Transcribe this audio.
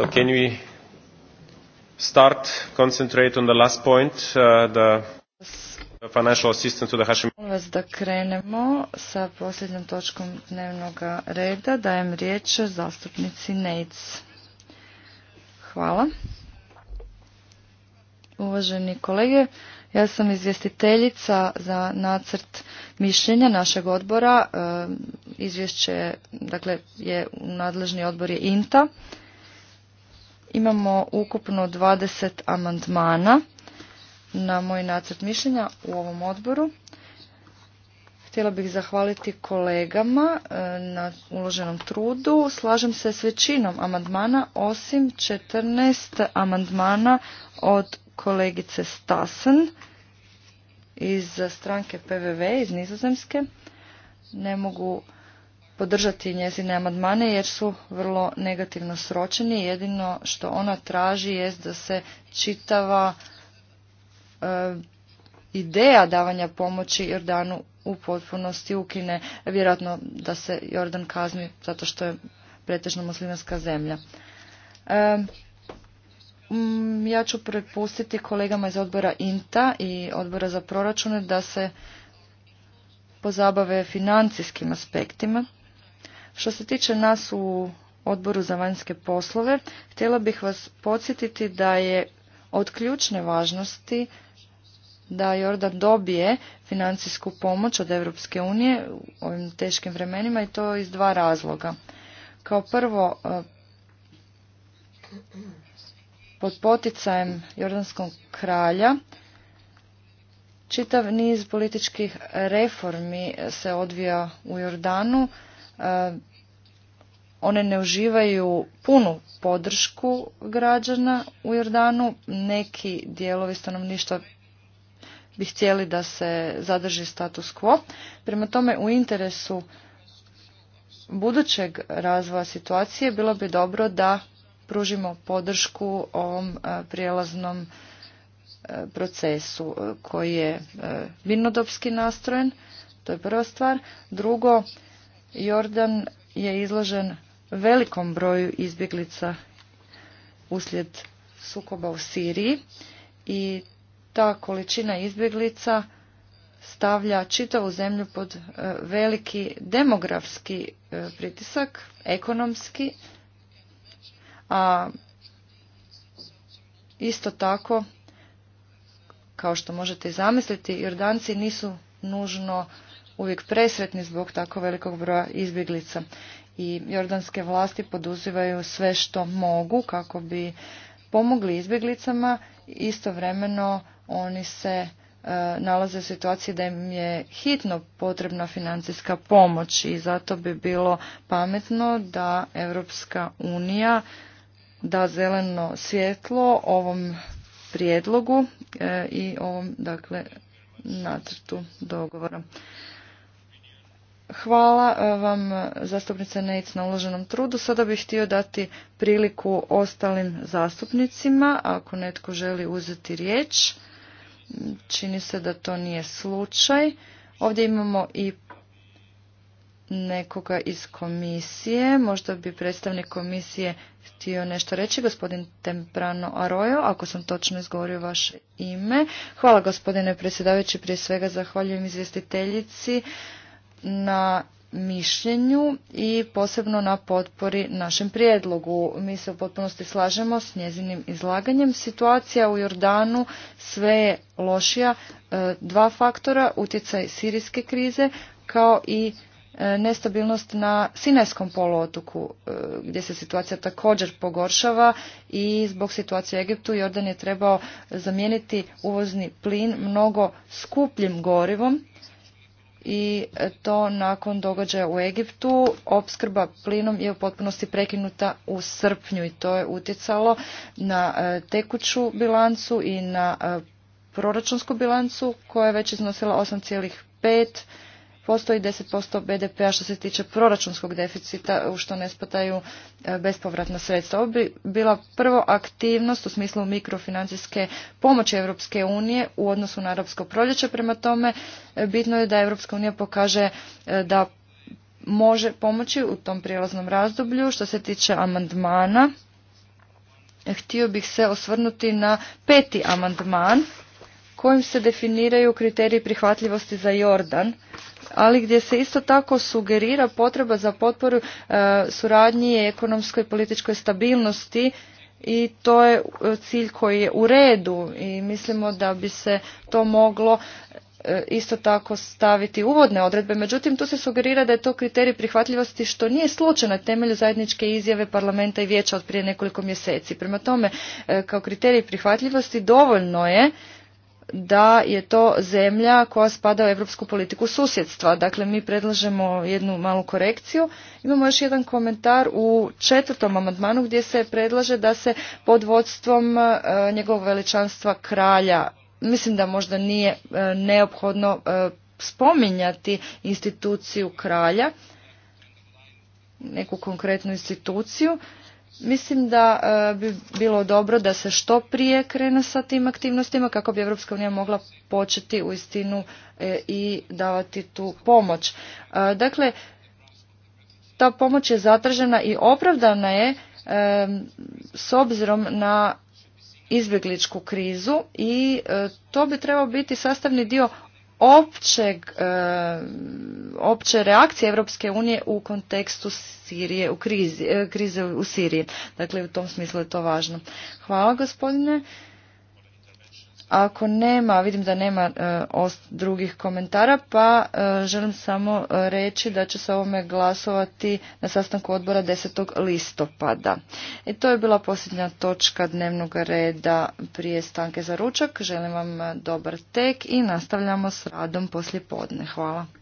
So can we start, concentrate on the last point, uh, the financial assistance to the Hashim. vas da krenemo sa posljednjom točkom dnevnog reda. Dajem riječ zastupnici Nejc. Hvala. Uvaženi kolege, ja sam izvjestiteljica za nacrt mišljenja našeg odbora. Ehm, izvješće dakle, je nadležni odbor je INTA. Imamo ukupno 20 amandmana na moj nacrt mišljenja u ovom odboru. Htjela bih zahvaliti kolegama e, na uloženom trudu. Slažem se s većinom amandmana, osim 14 amandmana od kolegice Stasen iz stranke PVV iz Nizozemske. Ne mogu podržati njezine amandmane jer su vrlo negativno sročeni. Jedino što ona traži jest da se čitava e, ideja davanja pomoći Jordanu u potpunosti ukine. Vjerojatno da se Jordan kazni zato što je pretežno muslimanska zemlja. E, mm, ja ću prepustiti kolegama iz odbora INTA i odbora za proračune da se pozabave financijskim aspektima. Što se tiče nas u Odboru za vanjske poslove, htjela bih vas podsjetiti da je od ključne važnosti da Jordan dobije financijsku pomoć od Europske unije u ovim teškim vremenima i to iz dva razloga. Kao prvo, e, pod poticajem Jordanskog kralja čitav niz političkih reformi se odvija u Jordanu e, one ne uživaju punu podršku građana u Jordanu. Neki dijelovi stanovništva bi htjeli da se zadrži status quo. Prema tome u interesu budućeg razvoja situacije bilo bi dobro da pružimo podršku ovom e, prijelaznom e, procesu e, koji je vinodopski nastrojen. To je prva stvar. Drugo, Jordan je izložen velikom broju izbjeglica uslijed sukoba u Siriji i ta količina izbjeglica stavlja čitavu zemlju pod e, veliki demografski e, pritisak, ekonomski, a isto tako, kao što možete i zamisliti, Jordanci nisu nužno uvijek presretni zbog tako velikog broja izbjeglica. I jordanske vlasti poduzivaju sve što mogu kako bi pomogli izbjeglicama, istovremeno oni se e, nalaze u situaciji da im je hitno potrebna financijska pomoć i zato bi bilo pametno da Europska unija da zeleno svjetlo ovom prijedlogu e, i ovom dakle nacrtu dogovora. Hvala e, vam e, zastupnice Nejc na uloženom trudu. Sada bih htio dati priliku ostalim zastupnicima ako netko želi uzeti riječ. Čini se da to nije slučaj. Ovdje imamo i nekoga iz komisije. Možda bi predstavnik komisije htio nešto reći, gospodin Temprano Arojo, ako sam točno izgovorio vaše ime. Hvala gospodine predsjedavajući, prije svega zahvaljujem izvjestiteljici na mišljenju i posebno na potpori našem prijedlogu. Mi se u potpunosti slažemo s njezinim izlaganjem. Situacija u Jordanu sve je lošija. E, dva faktora, utjecaj sirijske krize kao i e, nestabilnost na Sinajskom poluotoku e, gdje se situacija također pogoršava i zbog situacije u Egiptu Jordan je trebao zamijeniti uvozni plin mnogo skupljim gorivom i to nakon događaja u Egiptu. Opskrba plinom je u potpunosti prekinuta u srpnju i to je utjecalo na e, tekuću bilancu i na e, proračunsku bilancu koja je već iznosila 8,5 postoji 10% BDP-a što se tiče proračunskog deficita u što ne spadaju e, bespovratna sredstva. Ovo bi bila prvo aktivnost u smislu mikrofinancijske pomoći Europske unije u odnosu na europsko proljeće. Prema tome e, bitno je da Europska unija pokaže e, da može pomoći u tom prijelaznom razdoblju. Što se tiče amandmana, htio bih se osvrnuti na peti amandman kojim se definiraju kriteriji prihvatljivosti za Jordan, ali gdje se isto tako sugerira potreba za potporu e, suradnji i ekonomskoj i političkoj stabilnosti i to je e, cilj koji je u redu i mislimo da bi se to moglo e, isto tako staviti uvodne odredbe. Međutim, tu se sugerira da je to kriterij prihvatljivosti što nije slučaj na temelju zajedničke izjave parlamenta i vijeća od prije nekoliko mjeseci. Prema tome, kao kriterij prihvatljivosti dovoljno je da je to zemlja koja spada u europsku politiku susjedstva. Dakle, mi predlažemo jednu malu korekciju. Imamo još jedan komentar u četvrtom amandmanu gdje se predlaže da se pod vodstvom e, njegovog veličanstva kralja, mislim da možda nije e, neophodno e, spominjati instituciju kralja, neku konkretnu instituciju, Mislim da e, bi bilo dobro da se što prije krene sa tim aktivnostima kako bi EU unija mogla početi u istinu e, i davati tu pomoć. E, dakle, ta pomoć je zatražena i opravdana je s obzirom na izbjegličku krizu i to bi trebao biti sastavni dio općeg, e, opće reakcije Europske unije u kontekstu Sirije, u krizi, e, krize u Siriji. Dakle, u tom smislu je to važno. Hvala gospodine. Ako nema, vidim da nema e, drugih komentara, pa e, želim samo e, reći da će se ovome glasovati na sastanku odbora 10. listopada. I to je bila posljednja točka dnevnog reda prije stanke za ručak. Želim vam dobar tek i nastavljamo s radom poslije podne. Hvala.